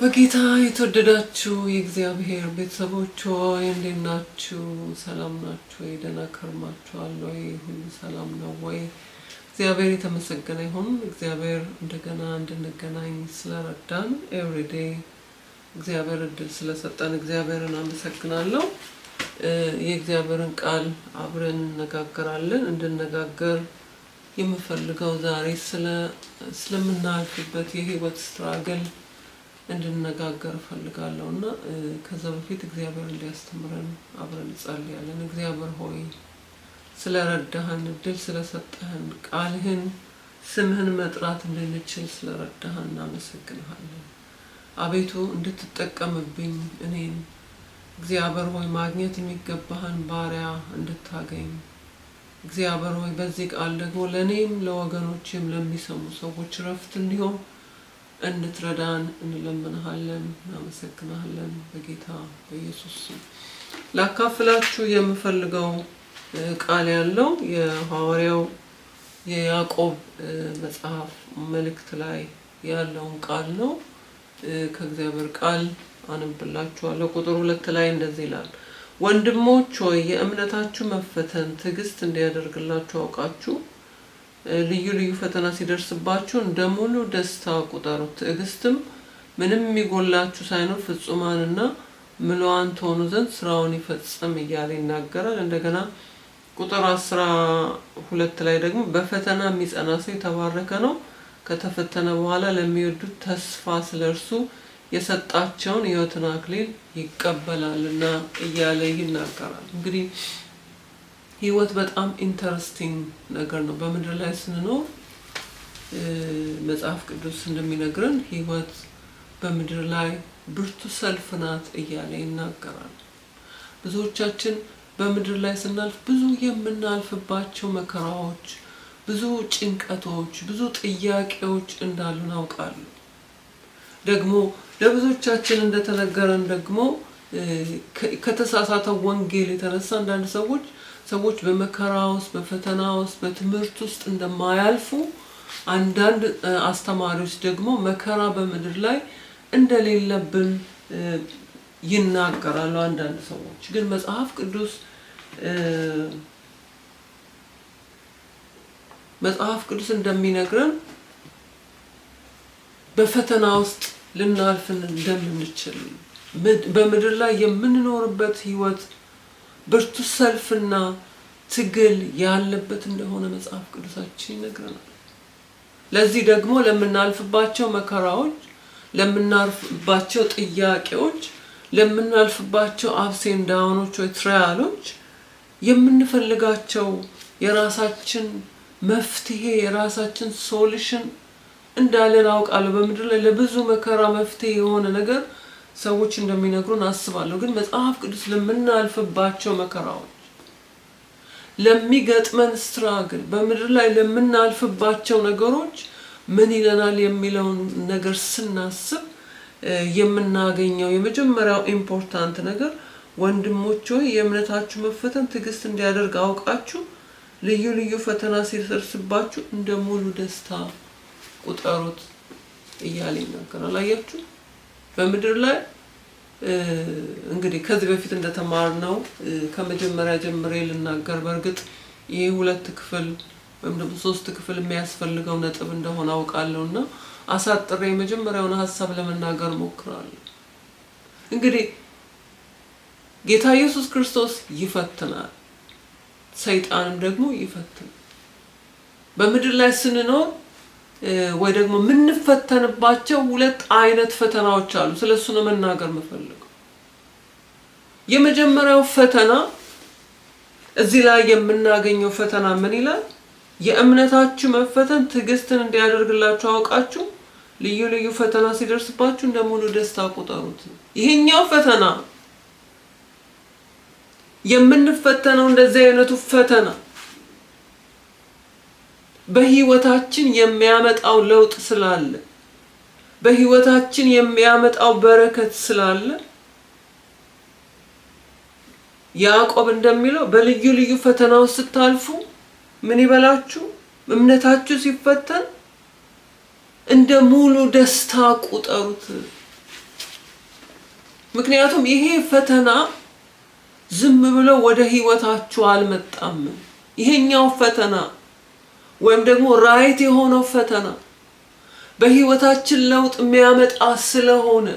በጌታ የተወደዳችሁ የእግዚአብሔር ቤተሰቦች ሆይ እንዴት ናችሁ? ሰላም ናችሁ ወይ? ደህና ከርማችኋል ወይ? ሁሉ ሰላም ነው ወይ? እግዚአብሔር የተመሰገነ ይሁን። እግዚአብሔር እንደገና እንድንገናኝ ስለረዳን ኤቭሪዴ እግዚአብሔር እድል ስለሰጠን እግዚአብሔርን አመሰግናለሁ። የእግዚአብሔርን ቃል አብረን እንነጋገራለን። እንድነጋገር የምፈልገው ዛሬ ስለምናልፍበት የህይወት ስትራግል እንድንነጋገር እፈልጋለሁ እና ከዛ በፊት እግዚአብሔር እንዲያስተምረን አብረን እንጸልያለን። እግዚአብሔር ሆይ ስለረዳህን፣ እድል ስለሰጠህን፣ ቃልህን ስምህን መጥራት እንድንችል ስለረዳህን እናመሰግንሃለን። አቤቱ እንድትጠቀምብኝ እኔን እግዚአብሔር ሆይ ማግኘት የሚገባህን ባሪያ እንድታገኝ እግዚአብሔር ሆይ በዚህ ቃል ደግሞ ለእኔም ለወገኖችም ለሚሰሙ ሰዎች ረፍት እንዲሆን እንድትረዳን እንለምንሃለን፣ እናመሰግናሃለን። በጌታ በኢየሱስ ላካፍላችሁ የምፈልገው ቃል ያለው የሐዋርያው የያዕቆብ መጽሐፍ መልእክት ላይ ያለውን ቃል ነው። ከእግዚአብሔር ቃል አነብላችኋለሁ። ቁጥር ሁለት ላይ እንደዚህ ይላል፣ ወንድሞች ሆይ የእምነታችሁ መፈተን ትዕግስት እንዲያደርግላችሁ አውቃችሁ ልዩ ልዩ ፈተና ሲደርስባችሁ እንደ ሙሉ ደስታ ቁጠሩት። ትዕግስትም ምንም የሚጎላችሁ ሳይኖር ፍጹማንና ምሉዋን ትሆኑ ዘንድ ስራውን ይፈጽም እያለ ይናገራል። እንደገና ቁጥር አስራ ሁለት ላይ ደግሞ በፈተና የሚጸና ሰው የተባረከ ነው፣ ከተፈተነ በኋላ ለሚወዱት ተስፋ ስለ እርሱ የሰጣቸውን ሕይወትን አክሊል ይቀበላልና እያለ ይናገራል። እንግዲህ ህይወት በጣም ኢንተረስቲንግ ነገር ነው። በምድር ላይ ስንኖር መጽሐፍ ቅዱስ እንደሚነግረን ህይወት በምድር ላይ ብርቱ ሰልፍ ናት እያለ ይናገራል። ብዙዎቻችን በምድር ላይ ስናልፍ ብዙ የምናልፍባቸው መከራዎች፣ ብዙ ጭንቀቶች፣ ብዙ ጥያቄዎች እንዳሉ እናውቃለን። ደግሞ ለብዙዎቻችን እንደተነገረን ደግሞ ከተሳሳተው ወንጌል የተነሳ አንዳንድ ሰዎች ሰዎች በመከራ ውስጥ፣ በፈተና ውስጥ፣ በትምህርት ውስጥ እንደማያልፉ አንዳንድ አስተማሪዎች ደግሞ መከራ በምድር ላይ እንደሌለብን ይናገራሉ። አንዳንድ ሰዎች ግን መጽሐፍ ቅዱስ መጽሐፍ ቅዱስ እንደሚነግረን በፈተና ውስጥ ልናልፍን እንደምንችል በምድር ላይ የምንኖርበት ህይወት ብርቱ ሰልፍና ትግል ያለበት እንደሆነ መጽሐፍ ቅዱሳችን ይነግረናል። ለዚህ ደግሞ ለምናልፍባቸው መከራዎች፣ ለምናልፍባቸው ጥያቄዎች፣ ለምናልፍባቸው አፕስ ዳውኖች ወይ ትራያሎች የምንፈልጋቸው የራሳችን መፍትሄ የራሳችን ሶሉሽን እንዳለን አውቃለሁ። በምድር ላይ ለብዙ መከራ መፍትሄ የሆነ ነገር ሰዎች እንደሚነግሩን አስባለሁ። ግን መጽሐፍ ቅዱስ ለምናልፍባቸው መከራዎች፣ ለሚገጥመን ስትራግል፣ በምድር ላይ ለምናልፍባቸው ነገሮች ምን ይለናል የሚለውን ነገር ስናስብ የምናገኘው የመጀመሪያው ኢምፖርታንት ነገር ወንድሞች ሆይ የእምነታችሁ መፈተን ትዕግስት እንዲያደርግ አውቃችሁ ልዩ ልዩ ፈተና ሲደርስባችሁ እንደ ሙሉ ደስታ ቁጠሩት እያለ ይናገራል። አያችሁ? በምድር ላይ እንግዲህ ከዚህ በፊት እንደተማርነው ከመጀመሪያ ጀምሬ ልናገር፣ በእርግጥ ይህ ሁለት ክፍል ወይም ደግሞ ሶስት ክፍል የሚያስፈልገው ነጥብ እንደሆነ አውቃለሁ እና አሳጥሬ የመጀመሪያውን ሀሳብ ለመናገር ሞክራለሁ። እንግዲህ ጌታ ኢየሱስ ክርስቶስ ይፈትናል፣ ሰይጣንም ደግሞ ይፈትናል። በምድር ላይ ስንኖር ወይ ደግሞ የምንፈተንባቸው ሁለት አይነት ፈተናዎች አሉ። ስለሱ ነው መናገር የምፈልገው። የመጀመሪያው ፈተና እዚህ ላይ የምናገኘው ፈተና ምን ይላል? የእምነታችሁ መፈተን ትዕግስትን እንዲያደርግላችሁ አውቃችሁ ልዩ ልዩ ፈተና ሲደርስባችሁ እንደ ሙሉ ደስታ ቁጠሩት። ይሄኛው ፈተና የምንፈተነው እንደዚህ አይነቱ ፈተና በህይወታችን የሚያመጣው ለውጥ ስላለ በህይወታችን የሚያመጣው በረከት ስላለ ያዕቆብ እንደሚለው በልዩ ልዩ ፈተናው ስታልፉ ምን ይበላችሁ? እምነታችሁ ሲፈተን እንደ ሙሉ ደስታ ቁጠሩት። ምክንያቱም ይሄ ፈተና ዝም ብሎ ወደ ህይወታችሁ አልመጣም። ይሄኛው ፈተና ወይም ደግሞ ራይት የሆነው ፈተና በህይወታችን ለውጥ የሚያመጣ ስለሆነ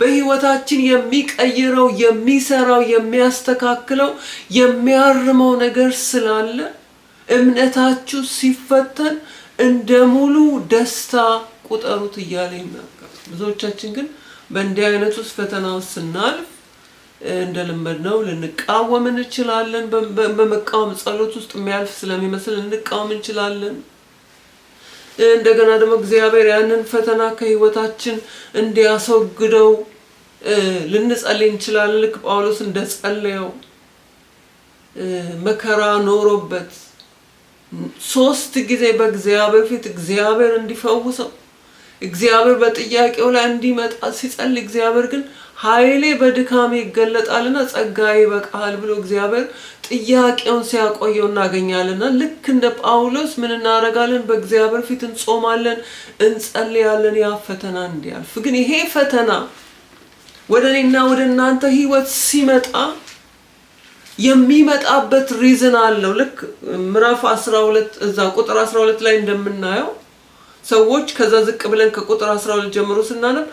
በህይወታችን የሚቀይረው የሚሰራው የሚያስተካክለው የሚያርመው ነገር ስላለ እምነታችሁ ሲፈተን እንደ ሙሉ ደስታ ቁጠሩት እያለ ይናገራል። ብዙዎቻችን ግን በእንዲህ አይነት ውስጥ ፈተና ውስጥ ስናልፍ እንደለመድነው ልንቃወም እንችላለን። በመቃወም ጸሎት ውስጥ የሚያልፍ ስለሚመስል ልንቃወም እንችላለን። እንደገና ደግሞ እግዚአብሔር ያንን ፈተና ከህይወታችን እንዲያስወግደው ልንጸልይ እንችላለን። ልክ ጳውሎስ እንደጸለየው መከራ ኖሮበት ሶስት ጊዜ በእግዚአብሔር ፊት እግዚአብሔር እንዲፈውሰው እግዚአብሔር በጥያቄው ላይ እንዲመጣ ሲጸልይ እግዚአብሔር ግን ኃይሌ በድካም ይገለጣልና ጸጋ ይበቃሃል ብሎ እግዚአብሔር ጥያቄውን ሲያቆየው እናገኛለንና ልክ እንደ ጳውሎስ ምን እናደርጋለን? በእግዚአብሔር ፊት እንጾማለን፣ እንጸልያለን ያ ፈተና እንዲያልፍ። ግን ይሄ ፈተና ወደ እኔና ወደ እናንተ ህይወት ሲመጣ የሚመጣበት ሪዝን አለው። ልክ ምዕራፍ 12 እዛ ቁጥር 12 ላይ እንደምናየው ሰዎች ከዛ ዝቅ ብለን ከቁጥር 12 ጀምሮ ስናነብ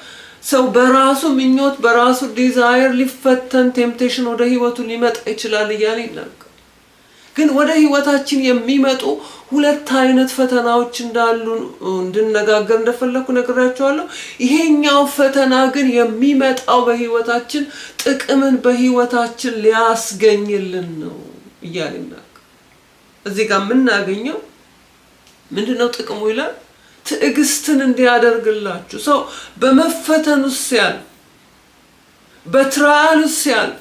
ሰው በራሱ ምኞት በራሱ ዲዛይር ሊፈተን ቴምፕቴሽን ወደ ህይወቱ ሊመጣ ይችላል እያለ ይናገር። ግን ወደ ህይወታችን የሚመጡ ሁለት አይነት ፈተናዎች እንዳሉ እንድነጋገር እንደፈለኩ ነግራቸዋለሁ። ይሄኛው ፈተና ግን የሚመጣው በህይወታችን ጥቅምን በህይወታችን ሊያስገኝልን ነው እያለ ይናገር። እዚህ ጋር የምናገኘው ምንድን ነው ጥቅሙ ይላል ትዕግስትን እንዲያደርግላችሁ ሰው በመፈተን ውስጥ ያል በትራያል ውስጥ ያል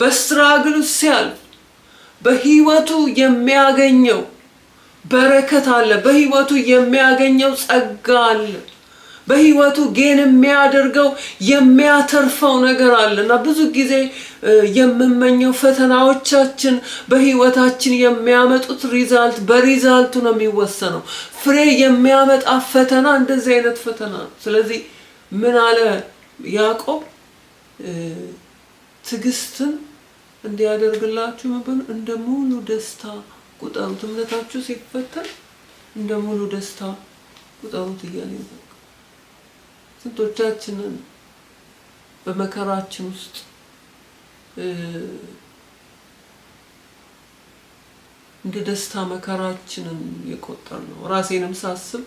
በስትራግል ውስጥ ያል በህይወቱ የሚያገኘው በረከት አለ። በህይወቱ የሚያገኘው ጸጋ አለ። በህይወቱ ጌን የሚያደርገው የሚያተርፈው ነገር አለ እና ብዙ ጊዜ የምመኘው ፈተናዎቻችን በህይወታችን የሚያመጡት ሪዛልት በሪዛልቱ ነው የሚወሰነው። ፍሬ የሚያመጣ ፈተና እንደዚህ አይነት ፈተና ነው። ስለዚህ ምን አለ ያዕቆብ ትዕግስትን እንዲያደርግላችሁ መበሉ እንደ ሙሉ ደስታ ቁጠሩት። እምነታችሁ ሲፈተን እንደ ሙሉ ደስታ ቁጠሩት እያለ ስንቶቻችንን በመከራችን ውስጥ እንደ ደስታ መከራችንን የቆጠር ነው። ራሴንም ሳስብ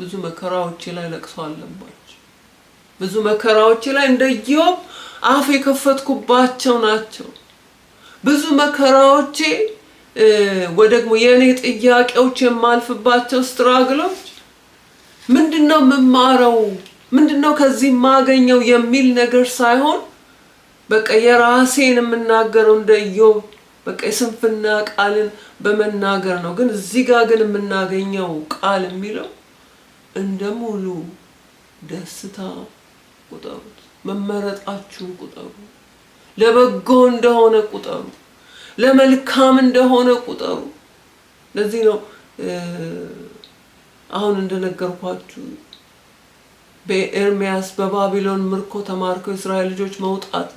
ብዙ መከራዎቼ ላይ ለቅሶ አለባቸው። ብዙ መከራዎቼ ላይ እንደ ኢዮብ አፍ የከፈትኩባቸው ናቸው። ብዙ መከራዎቼ ወደግሞ የእኔ ጥያቄዎች የማልፍባቸው ስትራግሎች ምንድን ነው የምማረው? ምንድነው ከዚህ ማገኘው የሚል ነገር ሳይሆን በቃ የራሴን የምናገረው እንደ ኢዮብ በቃ የስንፍና ቃልን በመናገር ነው። ግን እዚህ ጋር ግን የምናገኘው ቃል የሚለው እንደ ሙሉ ደስታ ቁጠሩት፣ መመረጣችሁን ቁጠሩ፣ ለበጎ እንደሆነ ቁጠሩ፣ ለመልካም እንደሆነ ቁጠሩ። ለዚህ ነው አሁን እንደነገርኳችሁ በኤርምያስ በባቢሎን ምርኮ ተማርከው የእስራኤል ልጆች መውጣት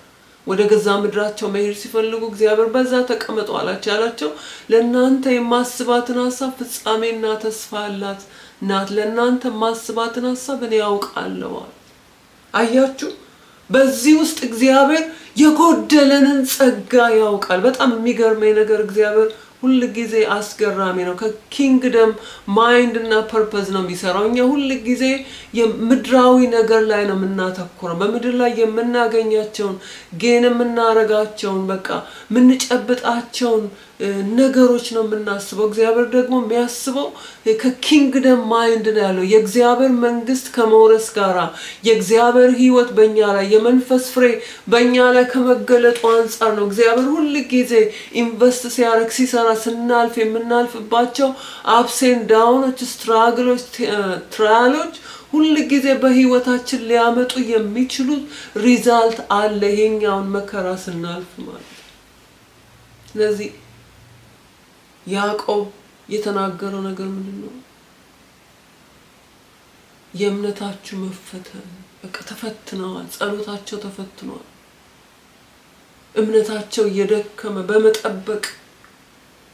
ወደ ገዛ ምድራቸው መሄድ ሲፈልጉ እግዚአብሔር በዛ ተቀመጡ አላቸው። ያላቸው ለእናንተ የማስባትን ሀሳብ ፍጻሜና ተስፋ አላት ናት፣ ለእናንተ የማስባትን ሀሳብ እኔ ያውቃለሁ። አያችሁ፣ በዚህ ውስጥ እግዚአብሔር የጎደለንን ጸጋ ያውቃል። በጣም የሚገርመኝ ነገር እግዚአብሔር ሁል ጊዜ አስገራሚ ነው። ከኪንግደም ማይንድ እና ፐርፐዝ ነው የሚሰራው። እኛ ሁል ጊዜ የምድራዊ ነገር ላይ ነው የምናተኩረው። በምድር ላይ የምናገኛቸውን ጌን የምናረጋቸውን በቃ የምንጨብጣቸውን ነገሮች ነው የምናስበው። እግዚአብሔር ደግሞ የሚያስበው ከኪንግደም ማይንድ ነው ያለው የእግዚአብሔር መንግስት ከመውረስ ጋራ የእግዚአብሔር ህይወት በእኛ ላይ የመንፈስ ፍሬ በእኛ ላይ ከመገለጡ አንጻር ነው። እግዚአብሔር ሁል ጊዜ ኢንቨስት ሲያደርግ ሲሰራ ስናልፍ የምናልፍባቸው አፕሴን ዳውኖች፣ ስትራግሎች፣ ትራያሎች ሁል ጊዜ በህይወታችን ሊያመጡ የሚችሉት ሪዛልት አለ ይሄኛውን መከራ ስናልፍ ማለት ስለዚህ ያዕቆብ የተናገረው ነገር ምንድን ነው? የእምነታችሁ መፈተን በቃ ተፈትነዋል። ጸሎታቸው ተፈትነዋል። እምነታቸው እየደከመ በመጠበቅ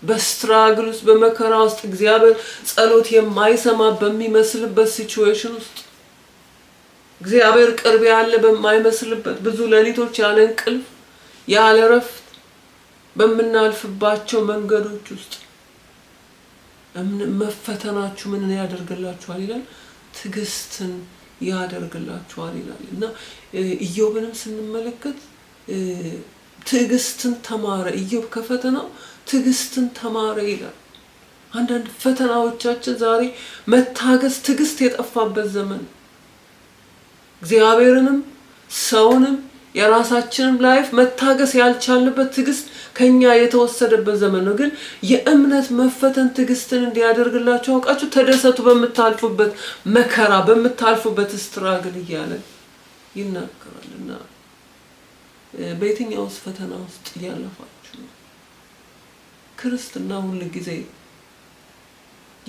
በስትራግል ውስጥ በመከራ ውስጥ እግዚአብሔር ጸሎት የማይሰማ በሚመስልበት ሲቹዌሽን ውስጥ እግዚአብሔር ቅርብ ያለ በማይመስልበት ብዙ ሌሊቶች ያለ እንቅልፍ ያለ ረፍ። በምናልፍባቸው መንገዶች ውስጥ መፈተናችሁ ምን ያደርግላችኋል ይላል? ትዕግስትን ያደርግላችኋል ይላል እና ኢዮብንም ስንመለከት ትዕግስትን ተማረ። ኢዮብ ከፈተናው ትዕግስትን ተማረ ይላል። አንዳንድ ፈተናዎቻችን ዛሬ መታገስ፣ ትዕግስት የጠፋበት ዘመን እግዚአብሔርንም ሰውንም የራሳችንም ላይፍ መታገስ ያልቻልንበት ትዕግስት ከኛ የተወሰደበት ዘመን ነው። ግን የእምነት መፈተን ትዕግስትን እንዲያደርግላቸው አውቃችሁ ተደሰቱ፣ በምታልፉበት መከራ፣ በምታልፉበት ስትራግል እያለ ይናገራል እና በየትኛው ፈተና ውስጥ እያለፋችሁ ነው? ክርስትና ሁል ጊዜ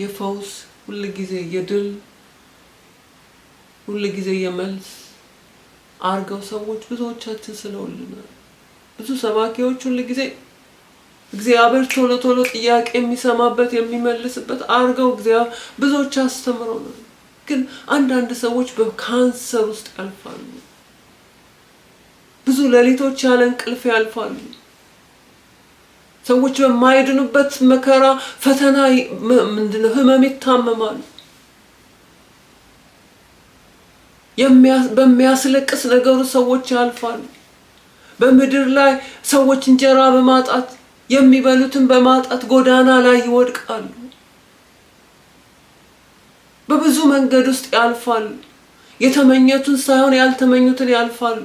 የፈውስ ሁል ጊዜ የድል ሁል ጊዜ የመልስ አርገው ሰዎች ብዙዎቻችን ስለውልናል። ብዙ ሰባኪዎች ሁል ጊዜ እግዚአብሔር ቶሎ ቶሎ ጥያቄ የሚሰማበት የሚመልስበት አርገው እግዚአብሔር ብዙዎች አስተምረው ነው። ግን አንዳንድ ሰዎች በካንሰር ውስጥ ያልፋሉ። ብዙ ሌሊቶች ያለ እንቅልፍ ያልፋሉ። ሰዎች በማይድኑበት መከራ፣ ፈተና ምንድነው ህመም ይታመማሉ። በሚያስለቅስ ነገሩ ሰዎች ያልፋሉ። በምድር ላይ ሰዎች እንጀራ በማጣት የሚበሉትን በማጣት ጎዳና ላይ ይወድቃሉ። በብዙ መንገድ ውስጥ ያልፋሉ። የተመኘቱን ሳይሆን ያልተመኙትን ያልፋሉ።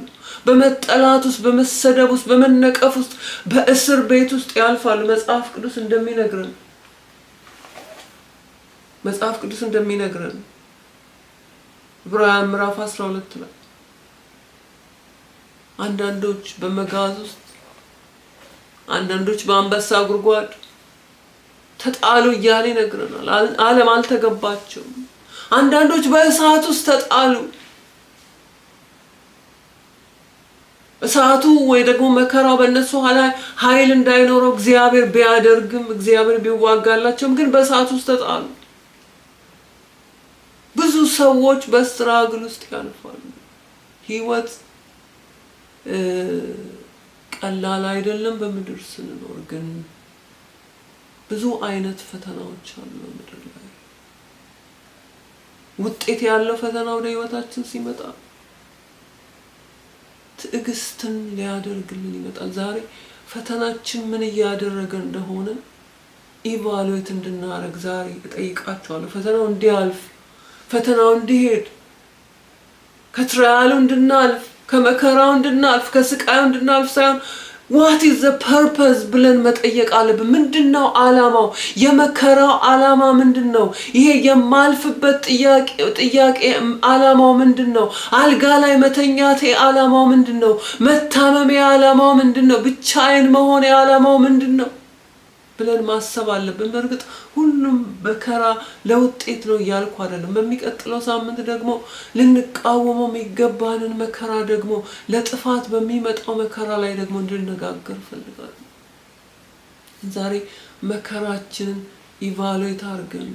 በመጠላት ውስጥ፣ በመሰደብ ውስጥ፣ በመነቀፍ ውስጥ፣ በእስር ቤት ውስጥ ያልፋሉ። መጽሐፍ ቅዱስ እንደሚነግረን መጽሐፍ ቅዱስ እንደሚነግረን ዕብራውያን ምዕራፍ 12 ላይ አንዳንዶች በመጋዝ ውስጥ አንዳንዶች በአንበሳ ጉድጓድ ተጣሉ እያለ ይነግረናል። ዓለም አልተገባቸውም። አንዳንዶች በእሳት ውስጥ ተጣሉ። እሳቱ ወይ ደግሞ መከራው በእነሱ ላይ ኃይል እንዳይኖረው እግዚአብሔር ቢያደርግም እግዚአብሔር ቢዋጋላቸውም ግን በእሳት ውስጥ ተጣሉ። ብዙ ሰዎች በስትራግል ውስጥ ያልፋሉ። ህይወት ቀላል አይደለም። በምድር ስንኖር ግን ብዙ አይነት ፈተናዎች አሉ በምድር ላይ። ውጤት ያለው ፈተና ወደ ህይወታችን ሲመጣ ትዕግስትን ሊያደርግልን ይመጣል። ዛሬ ፈተናችን ምን እያደረገ እንደሆነ ኢቫሉዌት እንድናደርግ ዛሬ እጠይቃችኋለሁ። ፈተናው እንዲያልፍ፣ ፈተናው እንዲሄድ፣ ከትራያሉ እንድናልፍ ከመከራው እንድናልፍ ከስቃዩ እንድናልፍ ሳይሆን ዋት ኢዝ ዘ ፐርፐዝ ብለን መጠየቅ አለብን። ምንድን ነው አላማው? የመከራው አላማ ምንድን ነው? ይሄ የማልፍበት ጥያቄ አላማው ምንድን ነው? አልጋ ላይ መተኛቴ አላማው ምንድን ነው? መታመሜ አላማው ምንድን ነው? ብቻዬን መሆኔ አላማው ምንድን ነው? ብለን ማሰብ አለብን። በእርግጥ ሁሉም በከራ ለውጤት ነው እያልኩ አይደለም። በሚቀጥለው ሳምንት ደግሞ ልንቃወመው የሚገባንን መከራ ደግሞ ለጥፋት በሚመጣው መከራ ላይ ደግሞ እንድነጋገር እፈልጋለሁ። ዛሬ መከራችንን ኢቫሉዌት አድርገን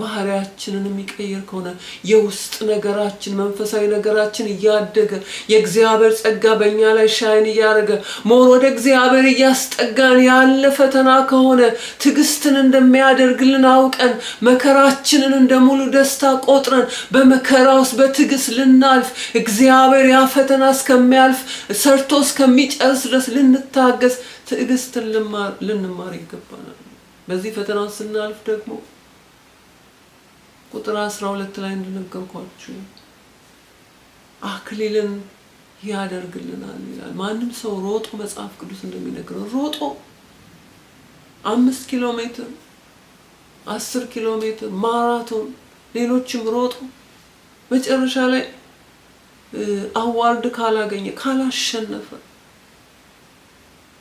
ባህሪያችንን የሚቀይር ከሆነ የውስጥ ነገራችን መንፈሳዊ ነገራችን እያደገ የእግዚአብሔር ጸጋ በእኛ ላይ ሻይን እያደረገ መሆን ወደ እግዚአብሔር እያስጠጋን ያለ ፈተና ከሆነ ትዕግስትን እንደሚያደርግልን አውቀን መከራችንን እንደ ሙሉ ደስታ ቆጥረን በመከራ ውስጥ በትዕግስት ልናልፍ እግዚአብሔር ያ ፈተና እስከሚያልፍ ሰርቶ እስከሚጨርስ ድረስ ልንታገስ ትዕግስትን ልንማር ይገባናል። በዚህ ፈተና ስናልፍ ደግሞ ቁጥር አስራ ሁለት ላይ እንደነገርኳችሁ አክሊልን ያደርግልናል ይላል። ማንም ሰው ሮጦ መጽሐፍ ቅዱስ እንደሚነግረው ሮጦ አምስት ኪሎ ሜትር፣ አስር ኪሎ ሜትር፣ ማራቶን፣ ሌሎችም ሮጦ መጨረሻ ላይ አዋርድ ካላገኘ ካላሸነፈ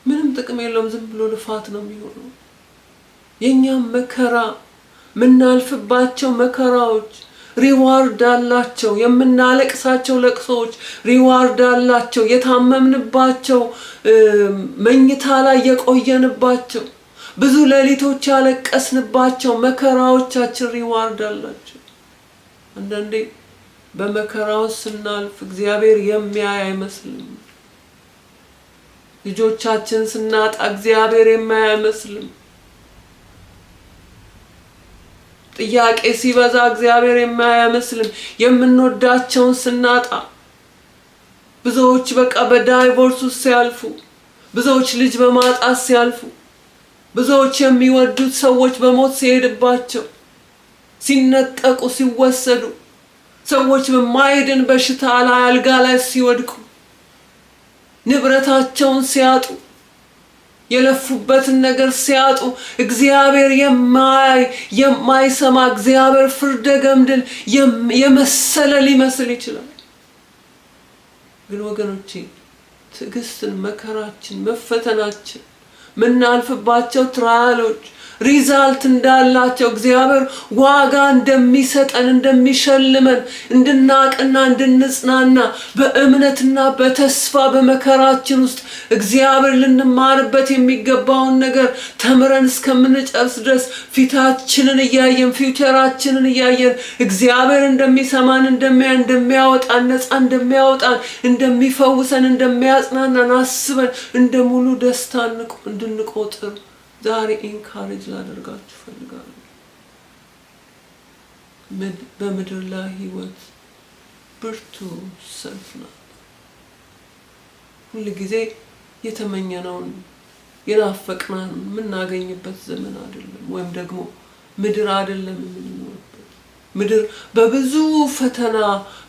ምንም ጥቅም የለውም። ዝም ብሎ ልፋት ነው የሚሆነው። የእኛም መከራ የምናልፍባቸው መከራዎች ሪዋርድ አላቸው። የምናለቅሳቸው ለቅሶዎች ሪዋርድ አላቸው። የታመምንባቸው መኝታ ላይ የቆየንባቸው ብዙ ሌሊቶች ያለቀስንባቸው መከራዎቻችን ሪዋርድ አላቸው። አንዳንዴ በመከራው ስናልፍ እግዚአብሔር የሚያይ አይመስልም። ልጆቻችን ስናጣ እግዚአብሔር የሚያይ አይመስልም። ጥያቄ ሲበዛ እግዚአብሔር አይመስልም የምንወዳቸውን ስናጣ ብዙዎች በቃ በዳይቮርስ ውስጥ ሲያልፉ፣ ብዙዎች ልጅ በማጣት ሲያልፉ፣ ብዙዎች የሚወዱት ሰዎች በሞት ሲሄድባቸው፣ ሲነጠቁ፣ ሲወሰዱ፣ ሰዎች በማይድን በሽታ ላይ አልጋ ላይ ሲወድቁ፣ ንብረታቸውን ሲያጡ የለፉበትን ነገር ሲያጡ እግዚአብሔር የማይ የማይሰማ እግዚአብሔር ፍርደ ገምድል የመሰለ ሊመስል ይችላል። ግን ወገኖቼ ትዕግስትን፣ መከራችን፣ መፈተናችን፣ ምናልፍባቸው ትራያሎች ሪዛልት እንዳላቸው እግዚአብሔር ዋጋ እንደሚሰጠን እንደሚሸልመን እንድናቅና እንድንጽናና በእምነትና በተስፋ በመከራችን ውስጥ እግዚአብሔር ልንማርበት የሚገባውን ነገር ተምረን እስከምንጨርስ ድረስ ፊታችንን እያየን ፊውቸራችንን እያየን እግዚአብሔር እንደሚሰማን እንደሚያ እንደሚያወጣን ነፃ እንደሚያወጣን እንደሚፈውሰን እንደሚያጽናናን አስበን እንደ ሙሉ ደስታ እንድንቆጥር ዛሬ ኢንካሬጅ ላደርጋችሁ ፈልጋለሁ። በምድር ላይ ህይወት ብርቱ ሰልፍ ናት። ሁል ጊዜ የተመኘነውን የናፈቅናን የምናገኝበት ዘመን አይደለም፣ ወይም ደግሞ ምድር አይደለም የምንኖረው ምድር በብዙ ፈተና፣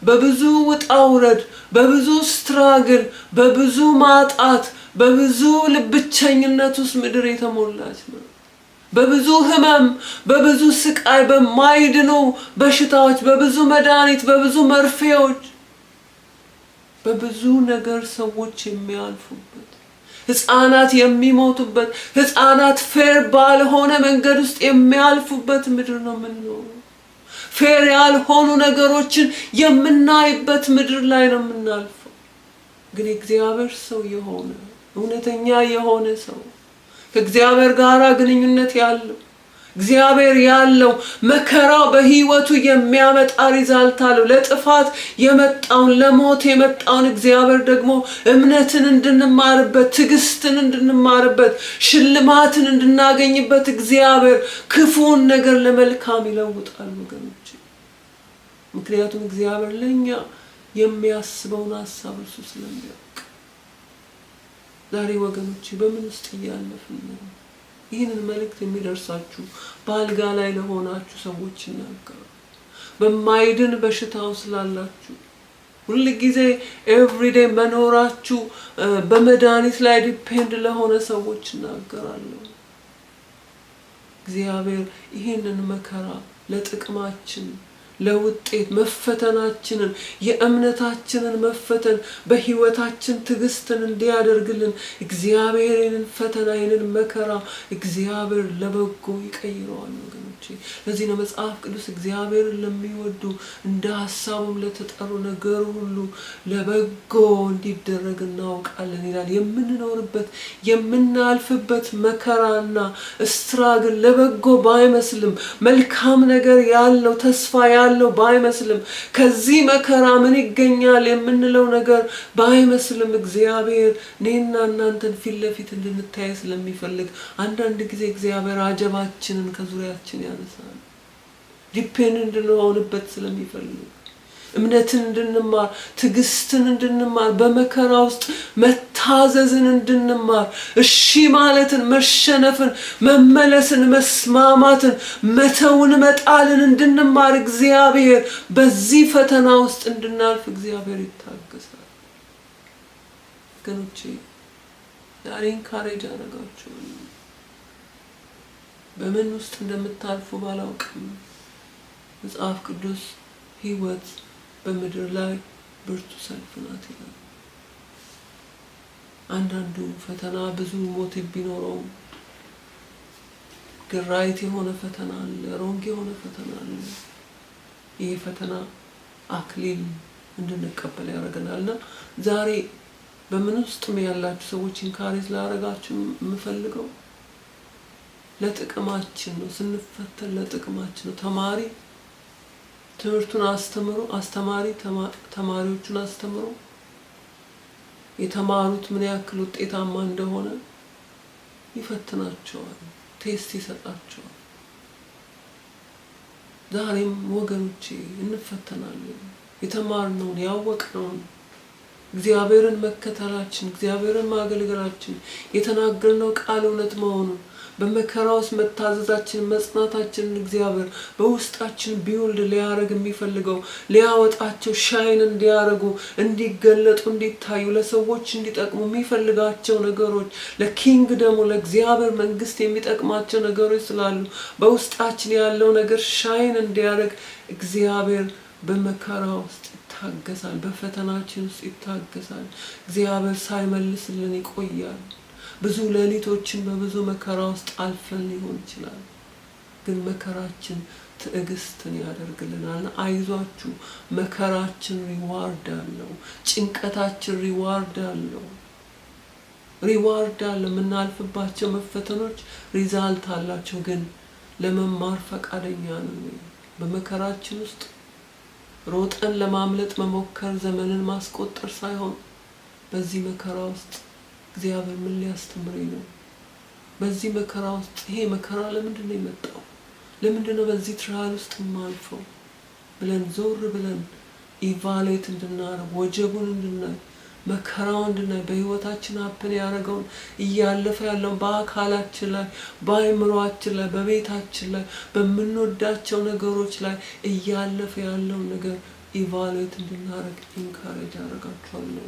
በብዙ ውጣ ውረድ፣ በብዙ ስትራግል፣ በብዙ ማጣት፣ በብዙ ልብቸኝነት ውስጥ ምድር የተሞላች ነው። በብዙ ህመም በብዙ ስቃይ፣ በማይድኑ በሽታዎች፣ በብዙ መድኃኒት፣ በብዙ መርፌዎች፣ በብዙ ነገር ሰዎች የሚያልፉበት ህፃናት የሚሞቱበት ህፃናት ፌር ባልሆነ መንገድ ውስጥ የሚያልፉበት ምድር ነው የምንኖረው። ፌር ያልሆኑ ነገሮችን የምናይበት ምድር ላይ ነው የምናልፈው። ግን እግዚአብሔር ሰው የሆነ እውነተኛ የሆነ ሰው ከእግዚአብሔር ጋር ግንኙነት ያለው እግዚአብሔር ያለው መከራ በህይወቱ የሚያመጣ ሪዛልት አለው። ለጥፋት የመጣውን ለሞት የመጣውን እግዚአብሔር ደግሞ እምነትን እንድንማርበት፣ ትዕግስትን እንድንማርበት፣ ሽልማትን እንድናገኝበት እግዚአብሔር ክፉውን ነገር ለመልካም ይለውጣል ወገኖች። ምክንያቱም እግዚአብሔር ለኛ የሚያስበውን ሀሳብ እርሱ ስለሚያውቅ። ዛሬ ወገኖች በምን ውስጥ እያለፍን ነው? ይህንን መልእክት የሚደርሳችሁ በአልጋ ላይ ለሆናችሁ ሰዎች ይናገሩ። በማይድን በሽታው ስላላችሁ ጊዜ ኤቭሪዴ መኖራችሁ በመድኃኒት ላይ ዲፔንድ ለሆነ ሰዎች እናገራለሁ። እግዚአብሔር ይህንን መከራ ለጥቅማችን ለውጤት መፈተናችንን የእምነታችንን መፈተን በህይወታችን ትዕግስትን እንዲያደርግልን ፈተና ፈተናይንን መከራ እግዚአብሔር ለበጎ ይቀይረዋል ወገን ወገኖቼ። ለዚህ ነው መጽሐፍ ቅዱስ እግዚአብሔርን ለሚወዱ እንደ ሀሳቡም ለተጠሩ ነገር ሁሉ ለበጎ እንዲደረግ እናውቃለን ይላል። የምንኖርበት የምናልፍበት መከራና እስትራግን ለበጎ ባይመስልም መልካም ነገር ያለው ተስፋ ያለው ባይመስልም ከዚህ መከራ ምን ይገኛል የምንለው ነገር ባይመስልም እግዚአብሔር እኔና እናንተን ፊት ለፊት እንድንታይ ስለሚፈልግ አንዳንድ ጊዜ እግዚአብሔር አጀባችንን ከዙሪያችን ያነሳል። ዲፔን እንድንሆንበት ስለሚፈልግ እምነትን እንድንማር፣ ትዕግስትን እንድንማር፣ በመከራ ውስጥ መታዘዝን እንድንማር፣ እሺ ማለትን፣ መሸነፍን፣ መመለስን፣ መስማማትን፣ መተውን፣ መጣልን እንድንማር እግዚአብሔር በዚህ ፈተና ውስጥ እንድናልፍ እግዚአብሔር ይታገሳል። ገኖቼ ዛሬን ካሬጅ አረጋችኋል። በምን ውስጥ እንደምታልፉ ባላውቅም መጽሐፍ ቅዱስ ህይወት በምድር ላይ ብርቱ ሰልፍ ናት ይላል። አንዳንዱ ፈተና ብዙ ሞት ቢኖረው ግራይት የሆነ ፈተና አለ፣ ሮንግ የሆነ ፈተና አለ። ይህ ፈተና አክሊል እንድንቀበል ያደርገናል እና ዛሬ በምን ውስጥ ያላችሁ ሰዎች ኢንካሬጅ ላደርጋችሁ የምፈልገው ለጥቅማችን ነው። ስንፈተን ለጥቅማችን ነው። ተማሪ ትምህርቱን አስተምሮ አስተማሪ ተማሪዎቹን አስተምሮ የተማሩት ምን ያክል ውጤታማ እንደሆነ ይፈትናቸዋል፣ ቴስት ይሰጣቸዋል። ዛሬም ወገኖቼ እንፈተናለን። የተማርነውን ያወቅነውን እግዚአብሔርን መከተላችን፣ እግዚአብሔርን ማገልገላችን፣ የተናገርነው ቃል እውነት መሆኑን በመከራ ውስጥ መታዘዛችን መጽናታችንን እግዚአብሔር በውስጣችን ቢውልድ ሊያደረግ የሚፈልገው ሊያወጣቸው ሻይን እንዲያደረጉ እንዲገለጡ እንዲታዩ ለሰዎች እንዲጠቅሙ የሚፈልጋቸው ነገሮች ለኪንግ ደግሞ ለእግዚአብሔር መንግስት የሚጠቅማቸው ነገሮች ስላሉ በውስጣችን ያለው ነገር ሻይን እንዲያደረግ እግዚአብሔር በመከራ ውስጥ ይታገሳል። በፈተናችን ውስጥ ይታገሳል። እግዚአብሔር ሳይመልስልን ይቆያል። ብዙ ሌሊቶችን በብዙ መከራ ውስጥ አልፈን ሊሆን ይችላል። ግን መከራችን ትዕግስትን ያደርግልናል። አይዟችሁ፣ መከራችን ሪዋርድ አለው። ጭንቀታችን ሪዋርድ አለው። ሪዋርድ አለ። የምናልፍባቸው መፈተኖች ሪዛልት አላቸው። ግን ለመማር ፈቃደኛ ነው። በመከራችን ውስጥ ሮጠን ለማምለጥ መሞከር ዘመንን ማስቆጠር ሳይሆን በዚህ መከራ ውስጥ እግዚአብሔር ምን ሊያስተምረኝ ነው? በዚህ መከራ ውስጥ ይሄ መከራ ለምንድን ነው የመጣው? ለምንድን ነው በዚህ ትራል ውስጥ የማልፈው ብለን ዞር ብለን ኢቫሌት እንድናረግ ወጀቡን እንድናይ መከራውን እንድናይ በህይወታችን አፕን ያደረገውን እያለፈ ያለውን በአካላችን ላይ በአይምሯችን ላይ በቤታችን ላይ በምንወዳቸው ነገሮች ላይ እያለፈ ያለውን ነገር ኢቫሉዌት እንድናደርግ ኢንካሬጅ ያደርጋችኋለሁ።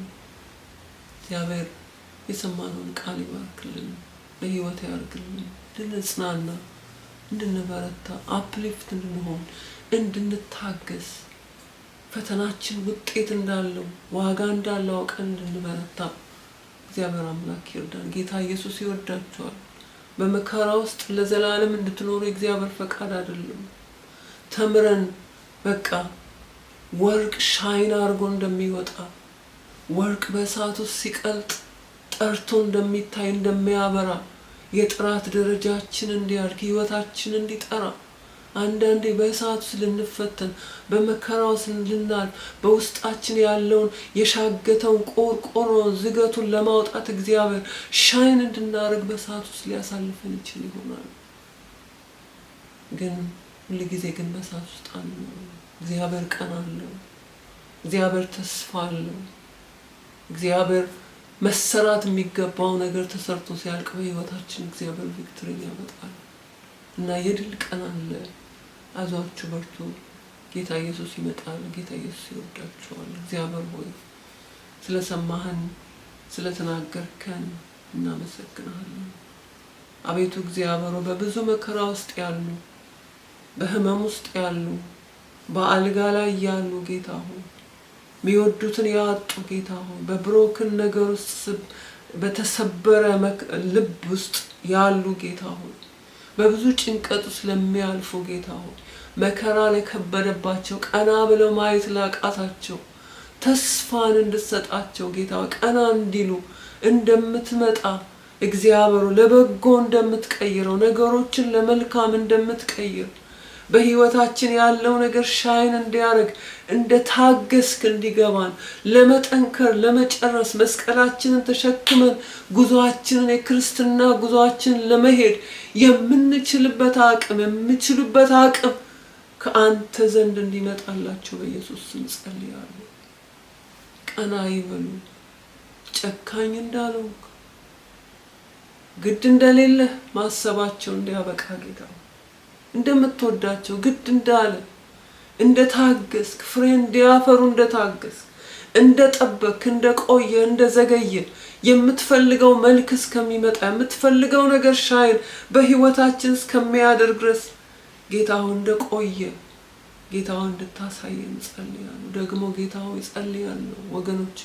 እግዚአብሔር የሰማነውን ቃል ይባርክልን፣ ለህይወት ያርግልን፣ እንድንጽናና፣ እንድንበረታ፣ አፕሊፍት እንድንሆን፣ እንድንታገስ ፈተናችን ውጤት እንዳለው ዋጋ እንዳለው አውቀን እንድንበረታ እግዚአብሔር አምላክ ይርዳን። ጌታ ኢየሱስ ይወዳቸዋል። በመከራ ውስጥ ለዘላለም እንድትኖሩ የእግዚአብሔር ፈቃድ አይደለም። ተምረን በቃ ወርቅ ሻይን አድርጎ እንደሚወጣ ወርቅ በእሳት ውስጥ ሲቀልጥ ጠርቶ እንደሚታይ እንደሚያበራ የጥራት ደረጃችን እንዲያድግ ህይወታችን እንዲጠራ አንዳንዴ በእሳት ውስጥ ልንፈተን በመከራ ውስጥ በውስጣችን ያለውን የሻገተውን ቆርቆሮን ዝገቱን ለማውጣት እግዚአብሔር ሻይን እንድናደርግ በእሳት ውስጥ ሊያሳልፈን ይችል ይሆናል። ግን ጊዜ ግን በእሳት ውስጥ አለ። እግዚአብሔር ቀን አለው። እግዚአብሔር ተስፋ አለው። እግዚአብሔር መሰራት የሚገባው ነገር ተሰርቶ ሲያልቅ በህይወታችን እግዚአብሔር ቪክትሪን ያመጣል እና የድል ቀን አለ። አዟችሁ በርቱ። ጌታ ኢየሱስ ይመጣል። ጌታ ኢየሱስ ይወዳችኋል። እግዚአብሔር ሆይ ስለሰማህን ስለተናገርከን እናመሰግናለን። አቤቱ እግዚአብሔር በብዙ መከራ ውስጥ ያሉ በህመም ውስጥ ያሉ በአልጋ ላይ ያሉ ጌታ ሆይ የሚወዱትን ያጡ ጌታ ሆይ በብሮክን ነገር ውስጥ በተሰበረ ልብ ውስጥ ያሉ ጌታ ሆይ በብዙ ጭንቀት ውስጥ ለሚያልፉ ጌታ ሆይ መከራ ለከበደባቸው ቀና ብለው ማየት ላቃታቸው ተስፋን እንድትሰጣቸው ጌታ ቀና እንዲሉ እንደምትመጣ እግዚአብሔር ለበጎ እንደምትቀይረው ነገሮችን ለመልካም እንደምትቀይር በህይወታችን ያለው ነገር ሻይን እንዲያደርግ እንደ ታገስክ እንዲገባን ለመጠንከር ለመጨረስ መስቀላችንን ተሸክመን ጉዞአችንን የክርስትና ጉዞአችንን ለመሄድ የምንችልበት አቅም የምችሉበት አቅም ከአንተ ዘንድ እንዲመጣላቸው በኢየሱስ ስም ጸልያለሁ። ቀና ይበሉ። ጨካኝ እንዳለው ግድ እንደሌለ ማሰባቸው እንዲያበቃ ጌታ እንደምትወዳቸው ግድ እንዳለ እንደታገስክ ፍሬ እንዲያፈሩ እንደታገስክ እንደጠበክ እንደቆየ እንደዘገየ የምትፈልገው መልክ እስከሚመጣ የምትፈልገው ነገር ሻይን በህይወታችን እስከሚያደርግ ድረስ ጌታው እንደቆየ ጌታው እንድታሳየን ጸልያለሁ። ደግሞ ጌታው ይጸልያለሁ። ወገኖች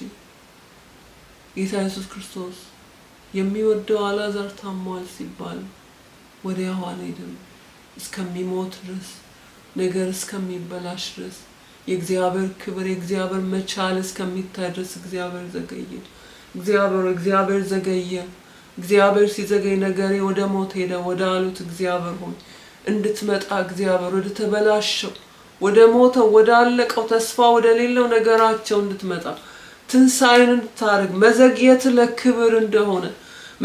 ጌታ ኢየሱስ ክርስቶስ የሚወደው አላዛር ታሟል ሲባል ወዲያው አልሄደም። እስከሚሞት ድረስ ነገር እስከሚበላሽ ድረስ የእግዚአብሔር ክብር የእግዚአብሔር መቻል እስከሚታይ ድረስ እግዚአብሔር ዘገየ። እግዚአብሔር እግዚአብሔር ዘገየ። እግዚአብሔር ሲዘገይ ነገሬ ወደ ሞት ሄደ ወደ አሉት እግዚአብሔር ሆይ እንድትመጣ እግዚአብሔር ወደ ተበላሸው ወደ ሞተው ወደ አለቀው ተስፋ ወደ ሌለው ነገራቸው እንድትመጣ ትንሣኤን እንድታደርግ መዘግየት ለክብር እንደሆነ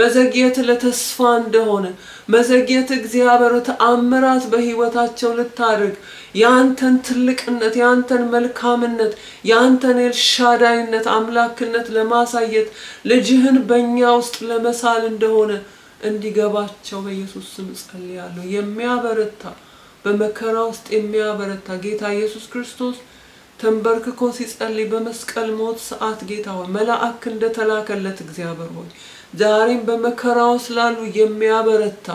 መዘግየት ለተስፋ እንደሆነ መዘግየት እግዚአብሔር ተአምራት በህይወታቸው ልታደርግ ያንተን ትልቅነት፣ ያንተን መልካምነት፣ ያንተን ኤልሻዳይነት አምላክነት ለማሳየት ልጅህን በእኛ ውስጥ ለመሳል እንደሆነ እንዲገባቸው በኢየሱስ ስም ጸልያለሁ። የሚያበረታ በመከራ ውስጥ የሚያበረታ ጌታ ኢየሱስ ክርስቶስ ተንበርክኮ ሲጸልይ በመስቀል ሞት ሰዓት ጌታ ሆይ መልአክ እንደተላከለት እግዚአብሔር ሆይ ዛሬም በመከራ ውስጥ ላሉ የሚያበረታ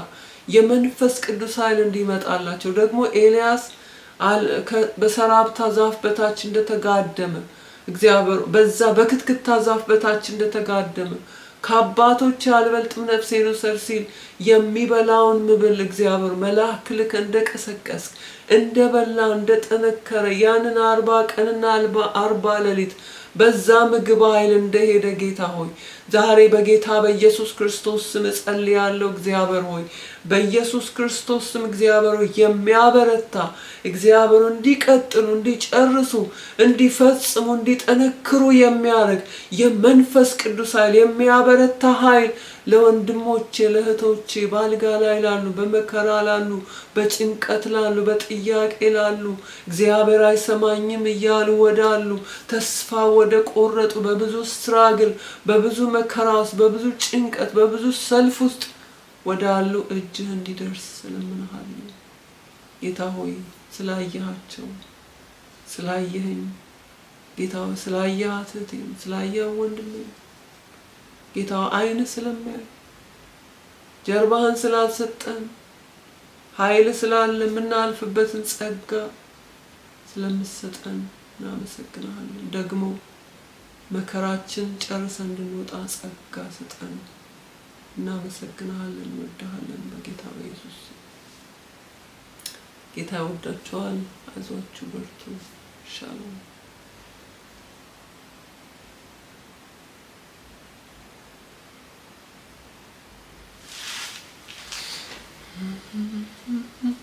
የመንፈስ ቅዱስ ኃይል እንዲመጣላቸው ደግሞ ኤልያስ በሰራብታ ዛፍ በታች እንደተጋደመ እግዚአብሔር በዛ በክትክታ ዛፍ በታች እንደተጋደመ ከአባቶች ያልበልጥም ነፍሴን ውሰድ ሲል የሚበላውን ምብል እግዚአብሔር መልአክ ልክ እንደቀሰቀስ እንደበላ እንደጠነከረ ያንን አርባ ቀንና አርባ ሌሊት በዛ ምግብ ኃይል እንደሄደ ጌታ ሆይ ዛሬ በጌታ በኢየሱስ ክርስቶስ ስም እጸልያለሁ። እግዚአብሔር ሆይ በኢየሱስ ክርስቶስ ስም እግዚአብሔር ሆይ የሚያበረታ እግዚአብሔር እንዲቀጥሉ፣ እንዲጨርሱ፣ እንዲፈጽሙ፣ እንዲጠነክሩ የሚያደርግ የመንፈስ ቅዱስ ኃይል የሚያበረታ ኃይል ለወንድሞቼ ለእህቶቼ በአልጋ ላይ ላሉ፣ በመከራ ላሉ፣ በጭንቀት ላሉ፣ በጥያቄ ላሉ እግዚአብሔር አይሰማኝም እያሉ ወዳሉ ተስፋ ወደ ቆረጡ በብዙ ስትራግል፣ በብዙ መከራ ውስጥ፣ በብዙ ጭንቀት፣ በብዙ ሰልፍ ውስጥ ወዳሉ እጅህ እንዲደርስ ስለምንሃል ጌታ ሆይ ስላየሃቸው ስላየኸኝ ጌታ ስላየሃት እህቴን ስላየኸው ወንድሜ ጌታ አይን ስለሚያይ ጀርባህን ስላልሰጠን ኃይል ስላለ የምናልፍበትን ጸጋ ስለምሰጠን እናመሰግናለን። ደግሞ መከራችን ጨርሰን እንድንወጣ ጸጋ ስጠን። እናመሰግናለን፣ እንወድሃለን። በጌታ በኢየሱስ ጌታ ይወዳችኋል። አይዟችሁ፣ በርቱ። ሻሎም Mm-hmm. mm-hmm. mm-hmm.